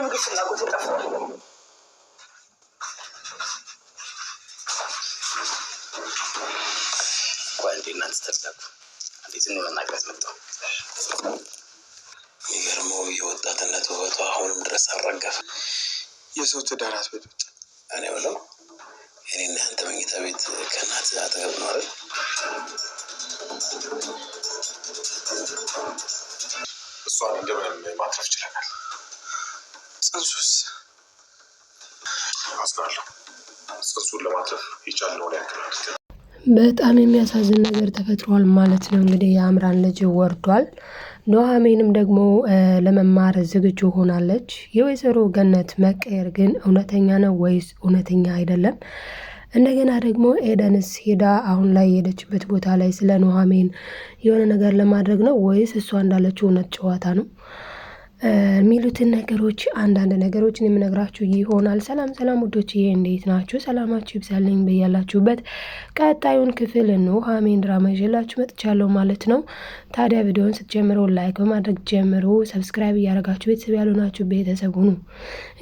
የምግብ ፍላጎት ይጠፋል። ጓንዴ እናንተ ተርዳኩ የሚገርመው የወጣትነት ውበቷ አሁንም ድረስ አልረገፈ። የሰው ትዳር አትበጭብጭ። እኔ ብለው እኔ እናንተ መኝታ ቤት ከእናት አጠገብ ነው እሷን እንደምንም ማትረፍ ችለናል። መሳተፍ የቻልነውን ያክል በጣም የሚያሳዝን ነገር ተፈጥሯል ማለት ነው። እንግዲህ የአምራን ልጅ ወርዷል። ኑሐሚንም ደግሞ ለመማር ዝግጁ ሆናለች። የወይዘሮ ገነት መቀየር ግን እውነተኛ ነው ወይስ እውነተኛ አይደለም? እንደገና ደግሞ ኤደንስ ሄዳ አሁን ላይ የሄደችበት ቦታ ላይ ስለ ኑሐሚን የሆነ ነገር ለማድረግ ነው ወይስ እሷ እንዳለችው እውነት ጨዋታ ነው? የሚሉትን ነገሮች አንዳንድ ነገሮችን የምነግራችሁ ይሆናል። ሰላም ሰላም ውዶችዬ እንዴት ናችሁ? ሰላማችሁ ይብዛልኝ በያላችሁበት። ቀጣዩን ክፍል ኑሃሚን ድራማ ይዤላችሁ መጥቻለሁ ማለት ነው። ታዲያ ቪዲዮን ስትጀምሩ ላይክ በማድረግ ጀምሩ። ሰብስክራይብ እያደረጋችሁ ቤተሰብ ያልሆናችሁ ቤተሰብ ሁኑ።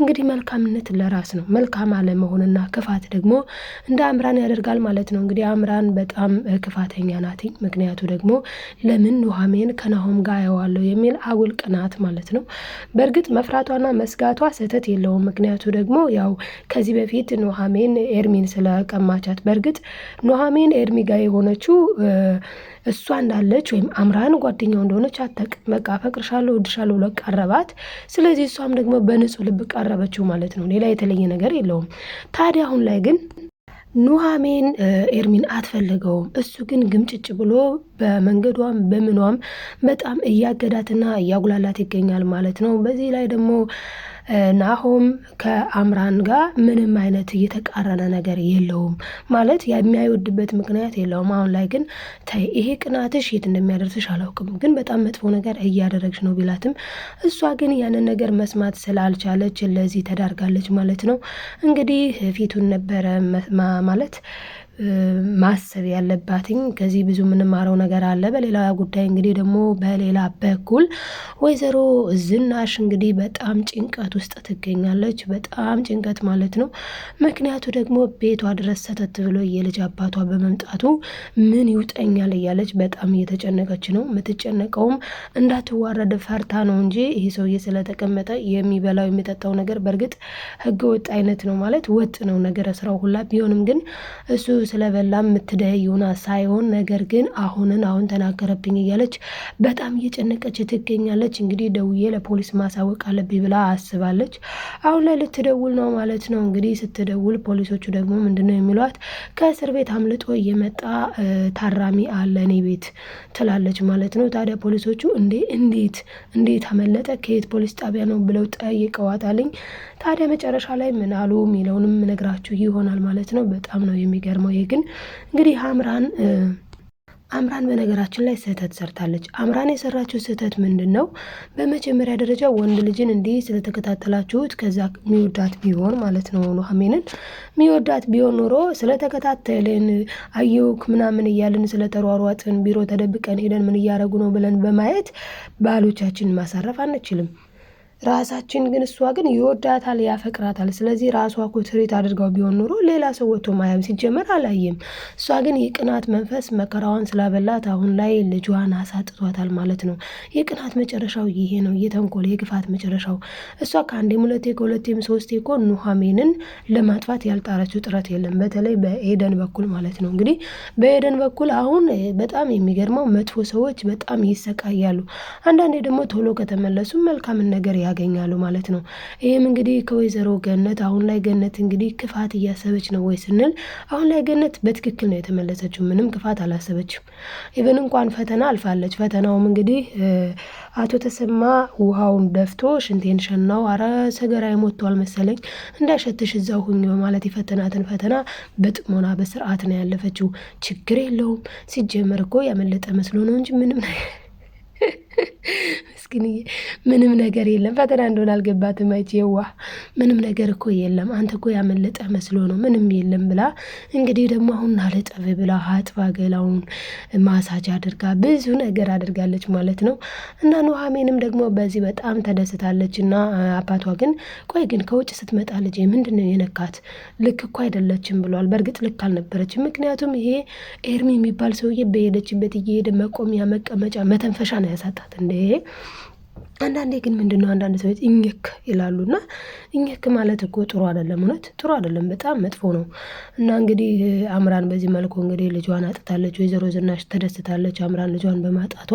እንግዲህ መልካምነት ለራስ ነው። መልካም አለመሆንና ክፋት ደግሞ እንደ አምራን ያደርጋል ማለት ነው። እንግዲህ አምራን በጣም ክፋተኛ ናትኝ። ምክንያቱ ደግሞ ለምን ኑሃሚን ከናሆም ጋር አየዋለሁ የሚል አጉል ቅናት ማለት ነው። በእርግጥ መፍራቷና መስጋቷ ስህተት የለውም። ምክንያቱ ደግሞ ያው ከዚህ በፊት ኑሐሚን ኤርሚን ስለቀማቻት፣ በእርግጥ ኑሐሚን ኤርሚ ጋር የሆነችው እሷ እንዳለች ወይም አምራን ጓደኛው እንደሆነች አታውቅም። በቃ አፈቅርሻለሁ፣ እወድሻለሁ ብሎ ቀረባት። ስለዚህ እሷም ደግሞ በንጹህ ልብ ቀረበችው ማለት ነው። ሌላ የተለየ ነገር የለውም። ታዲያ አሁን ላይ ግን ኑሃሜን ኤርሚን አትፈልገውም። እሱ ግን ግምጭጭ ብሎ በመንገዷም በምኗም በጣም እያገዳትና እያጉላላት ይገኛል ማለት ነው። በዚህ ላይ ደግሞ ናሆም ከአምራን ጋር ምንም አይነት እየተቃረነ ነገር የለውም ማለት የሚያይወድበት ምክንያት የለውም። አሁን ላይ ግን ተይ ይሄ ቅናትሽ የት እንደሚያደርስሽ አላውቅም፣ ግን በጣም መጥፎ ነገር እያደረግሽ ነው ቢላትም እሷ ግን ያንን ነገር መስማት ስላልቻለች ለዚህ ተዳርጋለች ማለት ነው። እንግዲህ ፊቱን ነበረ ማለት ማሰብ ያለባትኝ። ከዚህ ብዙ የምንማረው ነገር አለ። በሌላ ጉዳይ እንግዲህ ደግሞ በሌላ በኩል ወይዘሮ ዝናሽ እንግዲህ በጣም ጭንቀት ውስጥ ትገኛለች። በጣም ጭንቀት ማለት ነው። ምክንያቱ ደግሞ ቤቷ ድረስ ሰተት ብሎ የልጅ አባቷ በመምጣቱ ምን ይውጠኛል እያለች በጣም እየተጨነቀች ነው። የምትጨነቀውም እንዳትዋረድ ፈርታ ነው እንጂ ይህ ሰውዬ ስለተቀመጠ የሚበላው የሚጠጣው ነገር በእርግጥ ህገ ወጥ አይነት ነው ማለት ወጥ ነው ነገር ስራው ሁላ ቢሆንም ግን እሱ ስለበላ ይሁና ሳይሆን ነገር ግን አሁንን አሁን ተናገረብኝ እያለች በጣም እየጨነቀች ትገኛለች። እንግዲህ ደውዬ ለፖሊስ ማሳወቅ አለብኝ ብላ አስባለች። አሁን ላይ ልትደውል ነው ማለት ነው። እንግዲህ ስትደውል ፖሊሶቹ ደግሞ ምንድነው የሚሏት ከእስር ቤት አምልጦ እየመጣ ታራሚ አለ እኔ ቤት ትላለች ማለት ነው። ታዲያ ፖሊሶቹ እንዴ እንዴት እንዴት አመለጠ ከየት ፖሊስ ጣቢያ ነው ብለው ጠይቀዋታልኝ። ታዲያ መጨረሻ ላይ ምን አሉ የሚለውንም ነግራችሁ ይሆናል ማለት ነው። በጣም ነው የሚገርመው። ይ ግን እንግዲህ አምራን አምራን በነገራችን ላይ ስህተት ሰርታለች። አምራን የሰራችው ስህተት ምንድን ነው? በመጀመሪያ ደረጃ ወንድ ልጅን እንዲህ ስለተከታተላችሁት ከዛ ሚወዳት ቢሆን ማለት ነው ኑሐሚንን ሚወዳት ቢሆን ኖሮ ስለተከታተልን አየውክ ምናምን እያልን ስለተሯሯጥን ቢሮ ተደብቀን ሄደን ምን እያረጉ ነው ብለን በማየት ባሎቻችን ማሳረፍ አንችልም። ራሳችን ግን እሷ ግን ይወዳታል፣ ያፈቅራታል። ስለዚህ ራሷ እኮ ትርኢት አድርጋው ቢሆን ኑሮ ሌላ ሰው ወጥቶ ማያም ሲጀመር አላየም። እሷ ግን የቅናት መንፈስ መከራዋን ስላበላት አሁን ላይ ልጇን አሳጥቷታል ማለት ነው። የቅናት መጨረሻው ይሄ ነው፣ የተንኮል የግፋት መጨረሻው። እሷ ከአንዴም ሁለቴ ከሁለቴም ሶስቴ እኮ ኑሐሚንን ለማጥፋት ያልጣረችው ጥረት የለም፣ በተለይ በኤደን በኩል ማለት ነው። እንግዲህ በኤደን በኩል አሁን በጣም የሚገርመው መጥፎ ሰዎች በጣም ይሰቃያሉ። አንዳንዴ ደግሞ ቶሎ ከተመለሱ መልካምን ነገር ያገኛሉ ማለት ነው። ይህም እንግዲህ ከወይዘሮ ገነት አሁን ላይ ገነት እንግዲህ ክፋት እያሰበች ነው ወይ ስንል አሁን ላይ ገነት በትክክል ነው የተመለሰችው። ምንም ክፋት አላሰበችም። ኢቨን እንኳን ፈተና አልፋለች። ፈተናውም እንግዲህ አቶ ተሰማ ውሃውን ደፍቶ ሽንቴን ሸናው አረ ሰገራ ሞቷል መሰለኝ እንዳሸትሽ እዛው ሁኝ በማለት የፈተናትን ፈተና በጥሞና በስርዓት ነው ያለፈችው። ችግር የለውም ሲጀመር እኮ ያመለጠ መስሎ ነው እንጂ ምንም ምስኪንዬ ምንም ነገር የለም። ፈተና እንደሆነ አልገባትም። አይቼ ምንም ነገር እኮ የለም፣ አንተ እኮ ያመለጠ መስሎ ነው፣ ምንም የለም ብላ እንግዲህ ደግሞ አሁን አለጠፍ ብላ አጥባ ገላውን ማሳጅ አድርጋ ብዙ ነገር አድርጋለች ማለት ነው። እና ኑሐሚንም ደግሞ በዚህ በጣም ተደስታለች። እና አባቷ ግን ቆይ ግን ከውጭ ስትመጣ ልጅ ምንድን ነው የነካት? ልክ እኮ አይደለችም ብሏል። በእርግጥ ልክ አልነበረችም። ምክንያቱም ይሄ ኤርሚ የሚባል ሰውዬ በሄደችበት እየሄደ መቆሚያ መቀመጫ መተንፈሻ ነው ያሳጣት። አለባት እንዴ። አንዳንዴ ግን ምንድን ነው አንዳንድ ሰዎች እኝክ ይላሉና እኝክ ማለት እኮ ጥሩ አይደለም፣ እውነት ጥሩ አይደለም፣ በጣም መጥፎ ነው። እና እንግዲህ አምራን በዚህ መልኩ እንግዲህ ልጇን አጥታለች፣ ወይዘሮ ዝናሽ ተደስታለች፣ አምራን ልጇን በማጣቷ።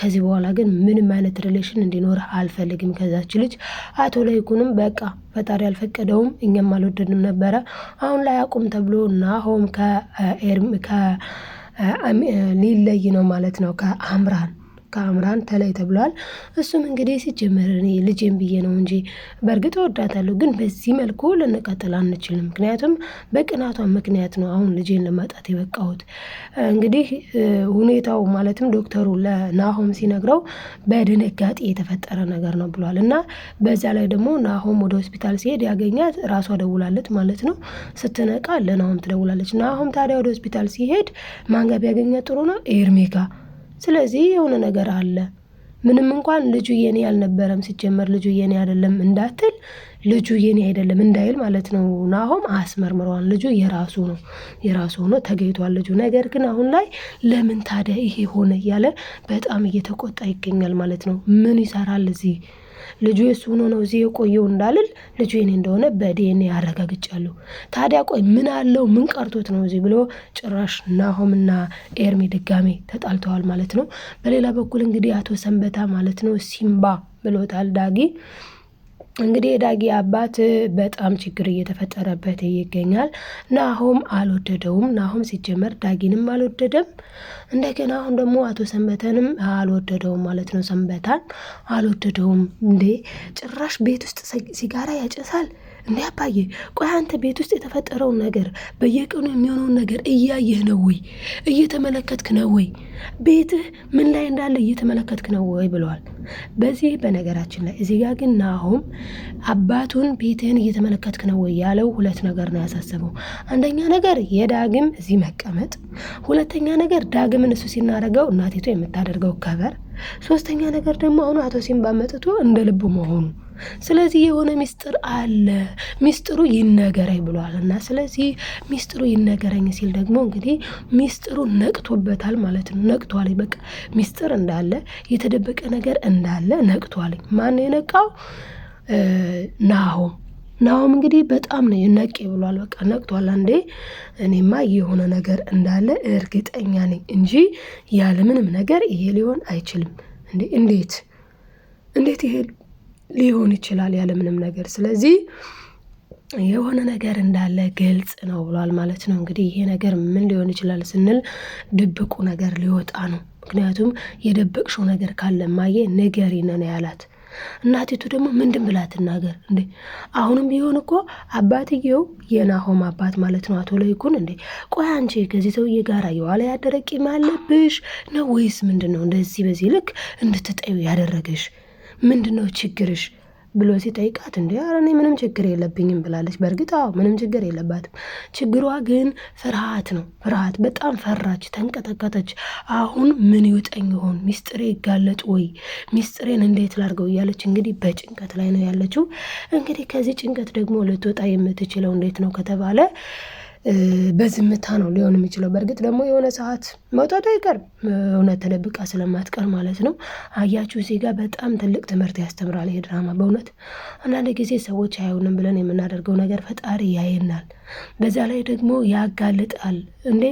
ከዚህ በኋላ ግን ምንም አይነት ሪሌሽን እንዲኖር አልፈልግም ከዛች ልጅ። አቶ ለይኩንም በቃ ፈጣሪ አልፈቀደውም፣ እኛም አልወደድም ነበረ። አሁን ላይ አቁም ተብሎ ናሆም ከሊለይ ነው ማለት ነው ከአምራን ከአምራን ተለይ ተብሏል። እሱም እንግዲህ ሲጀመር እኔ ልጄን ብዬ ነው እንጂ በእርግጥ እወዳታለሁ፣ ግን በዚህ መልኩ ልንቀጥል አንችልም። ምክንያቱም በቅናቷ ምክንያት ነው አሁን ልጄን ለማጣት የበቃሁት። እንግዲህ ሁኔታው ማለትም ዶክተሩ ለናሆም ሲነግረው በድንጋጤ የተፈጠረ ነገር ነው ብሏል እና በዛ ላይ ደግሞ ናሆም ወደ ሆስፒታል ሲሄድ ያገኛት ራሷ ደውላለች ማለት ነው። ስትነቃ ለናሆም ትደውላለች። ናሆም ታዲያ ወደ ሆስፒታል ሲሄድ ማንጋቢ ያገኛት ጥሩ ነው ኤርሜጋ ስለዚህ የሆነ ነገር አለ። ምንም እንኳን ልጁ የኔ አልነበረም ሲጀመር ልጁ የኔ አይደለም እንዳትል ልጁ የኔ አይደለም እንዳይል ማለት ነው። ናሆም አስመርምረዋል። ልጁ የራሱ ነው፣ የራሱ ሆኖ ተገኝቷል ልጁ። ነገር ግን አሁን ላይ ለምን ታዲያ ይሄ ሆነ እያለ በጣም እየተቆጣ ይገኛል ማለት ነው። ምን ይሰራል እዚህ ልጁ የሱ ሆኖ ነው እዚህ የቆየው እንዳልል ልጁ የኔ እንደሆነ በዲኤንኤ አረጋግጫለሁ። ታዲያ ቆይ ምን አለው ምን ቀርቶት ነው እዚህ ብሎ ጭራሽ ናሆምና ኤርሚ ድጋሜ ተጣልተዋል ማለት ነው። በሌላ በኩል እንግዲህ አቶ ሰንበታ ማለት ነው ሲምባ ብሎታል ዳጊ እንግዲህ የዳጊ አባት በጣም ችግር እየተፈጠረበት ይገኛል። ናሆም አልወደደውም። ናሆም ሲጀመር ዳጊንም አልወደደም። እንደገና አሁን ደግሞ አቶ ሰንበተንም አልወደደውም ማለት ነው። ሰንበታን አልወደደውም። እንዴ ጭራሽ ቤት ውስጥ ሲጋራ ያጨሳል። እንዴ አባዬ፣ ቆይ አንተ ቤት ውስጥ የተፈጠረውን ነገር በየቀኑ የሚሆነውን ነገር እያየህ ነው ወይ? እየተመለከትክ ነው ወይ? ቤትህ ምን ላይ እንዳለ እየተመለከትክ ነው ወይ? ብለዋል በዚህ በነገራችን ላይ እዚህ ጋር ግን ናሆም አባቱን ቤትህን እየተመለከትክ ነው ወይ ያለው ሁለት ነገር ነው ያሳሰበው። አንደኛ ነገር የዳግም እዚህ መቀመጥ፣ ሁለተኛ ነገር ዳግምን እሱ ሲናረገው እናቲቱ የምታደርገው ከበር፣ ሶስተኛ ነገር ደግሞ አሁን አቶ ሲምባ መጥቶ እንደ ልቡ መሆኑ ስለዚህ የሆነ ሚስጥር አለ፣ ሚስጥሩ ይነገረኝ ብሏል እና ስለዚህ ሚስጥሩ ይነገረኝ ሲል ደግሞ እንግዲህ ሚስጥሩ ነቅቶበታል ማለት ነው። ነቅቷል፣ በቃ ሚስጥር እንዳለ የተደበቀ ነገር እንዳለ ነቅቷል። ማን የነቃው? ናሆም ናሆም እንግዲህ በጣም ነው ነቄ ብሏል። በቃ ነቅቷል። አንዴ እኔማ የሆነ ነገር እንዳለ እርግጠኛ ነኝ እንጂ ያለምንም ነገር ይሄ ሊሆን አይችልም። እንዴት እንዴት ይሄ ሊሆን ይችላል ያለምንም ነገር። ስለዚህ የሆነ ነገር እንዳለ ግልጽ ነው ብሏል ማለት ነው። እንግዲህ ይሄ ነገር ምን ሊሆን ይችላል ስንል ድብቁ ነገር ሊወጣ ነው። ምክንያቱም የደበቅሽው ነገር ካለ ማየ ንገሪን ነው ያላት። እናቲቱ ደግሞ ምንድን ብላ ትናገር እንዴ? አሁንም ቢሆን እኮ አባትየው የናሆም አባት ማለት ነው አቶ ለይኩን እንዴ፣ ቆይ አንቺ ከዚህ ሰውዬ ጋር የዋለ ያደረቂ ማለብሽ ነው ወይስ ምንድን ነው እንደዚህ በዚህ ልክ እንድትጠዩ ያደረገሽ ምንድን ነው ችግርሽ ብሎ ሲጠይቃት እንዲ ኧረ እኔ ምንም ችግር የለብኝም ብላለች። በእርግጥ አዎ ምንም ችግር የለባትም። ችግሯ ግን ፍርሃት ነው። ፍርሃት በጣም ፈራች፣ ተንቀጠቀጠች። አሁን ምን ይውጠኝ ይሆን? ሚስጥሬ ይጋለጥ ወይ? ሚስጥሬን እንዴት ላድርገው? እያለች እንግዲህ በጭንቀት ላይ ነው ያለችው። እንግዲህ ከዚህ ጭንቀት ደግሞ ልትወጣ የምትችለው እንዴት ነው ከተባለ በዝምታ ነው ሊሆን የሚችለው። በእርግጥ ደግሞ የሆነ ሰዓት መውጣቱ አይቀርም፣ እውነት ተደብቃ ስለማትቀር ማለት ነው። አያችሁ እዚህ ጋር በጣም ትልቅ ትምህርት ያስተምራል ይሄ ድራማ በእውነት አንዳንድ ጊዜ ሰዎች አይሆንም ብለን የምናደርገው ነገር ፈጣሪ ያየናል፣ በዛ ላይ ደግሞ ያጋልጣል እንዴ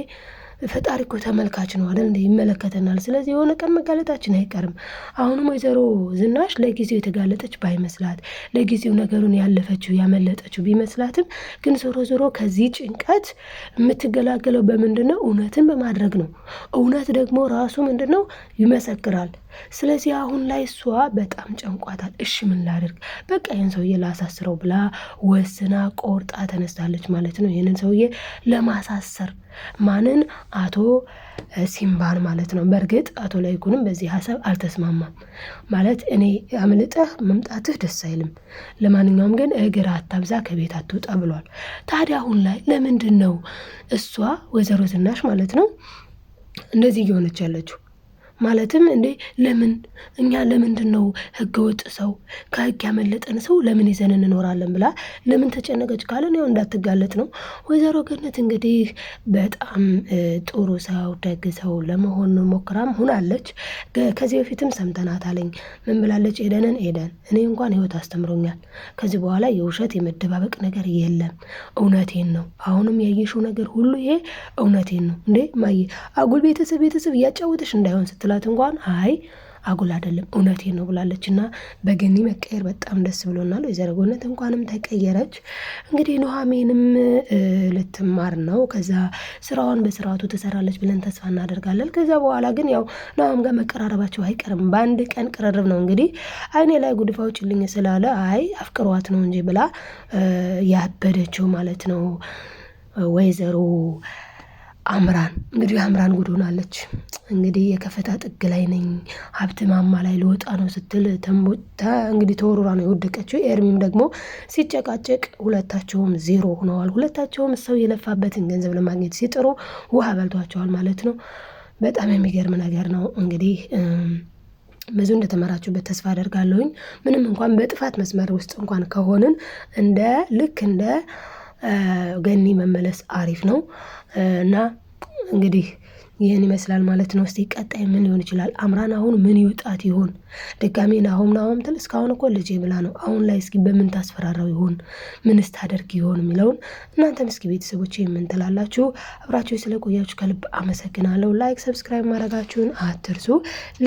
ፈጣሪ እኮ ተመልካች ነው አይደል? ይመለከተናል። ስለዚህ የሆነ ቀን መጋለጣችን አይቀርም። አሁንም ወይዘሮ ዝናሽ ለጊዜው የተጋለጠች ባይመስላት፣ ለጊዜው ነገሩን ያለፈችው ያመለጠችው ቢመስላትም ግን ዞሮ ዞሮ ከዚህ ጭንቀት የምትገላገለው በምንድነው እውነትን በማድረግ ነው። እውነት ደግሞ ራሱ ምንድነው ይመሰክራል። ስለዚህ አሁን ላይ እሷ በጣም ጨንቋታል። እሺ ምን ላደርግ፣ በቃ ይህን ሰውዬ ላሳስረው ብላ ወስና ቆርጣ ተነስታለች ማለት ነው። ይህንን ሰውዬ ለማሳሰር ማንን? አቶ ሲምባን ማለት ነው። በእርግጥ አቶ ላይኩንም በዚህ ሀሳብ አልተስማማም። ማለት እኔ አምልጠህ መምጣትህ ደስ አይልም፣ ለማንኛውም ግን እግር አታብዛ፣ ከቤት አትውጣ ብሏል። ታዲያ አሁን ላይ ለምንድን ነው እሷ ወይዘሮ ዝናሽ ማለት ነው እንደዚህ እየሆነች ያለችው? ማለትም እንዴ ለምን እኛ ለምንድን ነው ወጥ ሰው ከህግ ያመለጠን ሰው ለምን ይዘን እንኖራለን ብላ ለምን ተጨነቀች ካለን ያው እንዳትጋለጥ ነው። ወይዘሮ ገነት እንግዲህ በጣም ጥሩ ሰው ደግ ሰው ለመሆን ሞክራም ሁናለች። ከዚህ በፊትም ሰምተናት አለኝ። ምን ብላለች? ኤደንን ኤደን እኔ እንኳን ህይወት አስተምሮኛል። ከዚህ በኋላ የውሸት የመደባበቅ ነገር የለም። እውነቴን ነው። አሁንም ያየሽው ነገር ሁሉ ይሄ እውነቴን ነው። እንዴ ማየ አጉል ቤተሰብ ቤተሰብ እያጫወተሽ እንዳይሆን ስትላት እንኳን አይ አጉል አይደለም፣ እውነቴ ነው ብላለች እና በገኒ መቀየር በጣም ደስ ብሎናል። ወይዘሮ ገነት እንኳንም ተቀየረች። እንግዲህ ኑሐሚንም ልትማር ነው። ከዛ ስራዋን በስርዓቱ ትሰራለች ብለን ተስፋ እናደርጋለን። ከዛ በኋላ ግን ያው ናሁም ጋር መቀራረባቸው አይቀርም። በአንድ ቀን ቅርርብ ነው እንግዲህ አይኔ ላይ ጉድፋ ስላለ አይ አፍቅሯት ነው እንጂ ብላ ያበደችው ማለት ነው ወይዘሮ አምራን እንግዲህ አምራን ጉድ ሆናለች። እንግዲህ የከፈታ ጥግ ላይ ነኝ ሀብት ማማ ላይ ልወጣ ነው ስትል እንግዲህ ተወርራ ነው የወደቀችው። ኤርሚም ደግሞ ሲጨቃጨቅ ሁለታቸውም ዜሮ ሆነዋል። ሁለታቸውም ሰው የለፋበትን ገንዘብ ለማግኘት ሲጥሩ ውሃ በልቷቸዋል ማለት ነው። በጣም የሚገርም ነገር ነው እንግዲህ ብዙ እንደተመራችሁበት ተስፋ አደርጋለሁኝ። ምንም እንኳን በጥፋት መስመር ውስጥ እንኳን ከሆንን እንደ ልክ እንደ ገኒ መመለስ አሪፍ ነው እና እንግዲህ ይህን ይመስላል ማለት ነው። እስቲ ቀጣይ ምን ሊሆን ይችላል? አምራን አሁን ምን ይውጣት ይሆን? ድጋሜ ናሆም ናሆም ትል እስካሁን እኮ ልጄ ብላ ነው። አሁን ላይ እስኪ በምን ታስፈራራው ይሆን? ምን ስታደርግ ይሆን የሚለውን እናንተም እስኪ ቤተሰቦች የምንትላላችሁ አብራችሁ ስለቆያችሁ ከልብ አመሰግናለሁ። ላይክ፣ ሰብስክራይብ ማድረጋችሁን አትርሱ።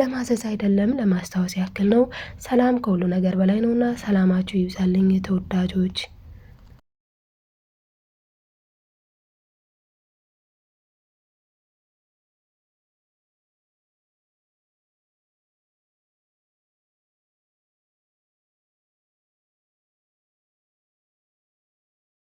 ለማዘዝ አይደለም ለማስታወስ ያክል ነው። ሰላም ከሁሉ ነገር በላይ ነውና ሰላማችሁ ይብዛልኝ ተወዳጆች።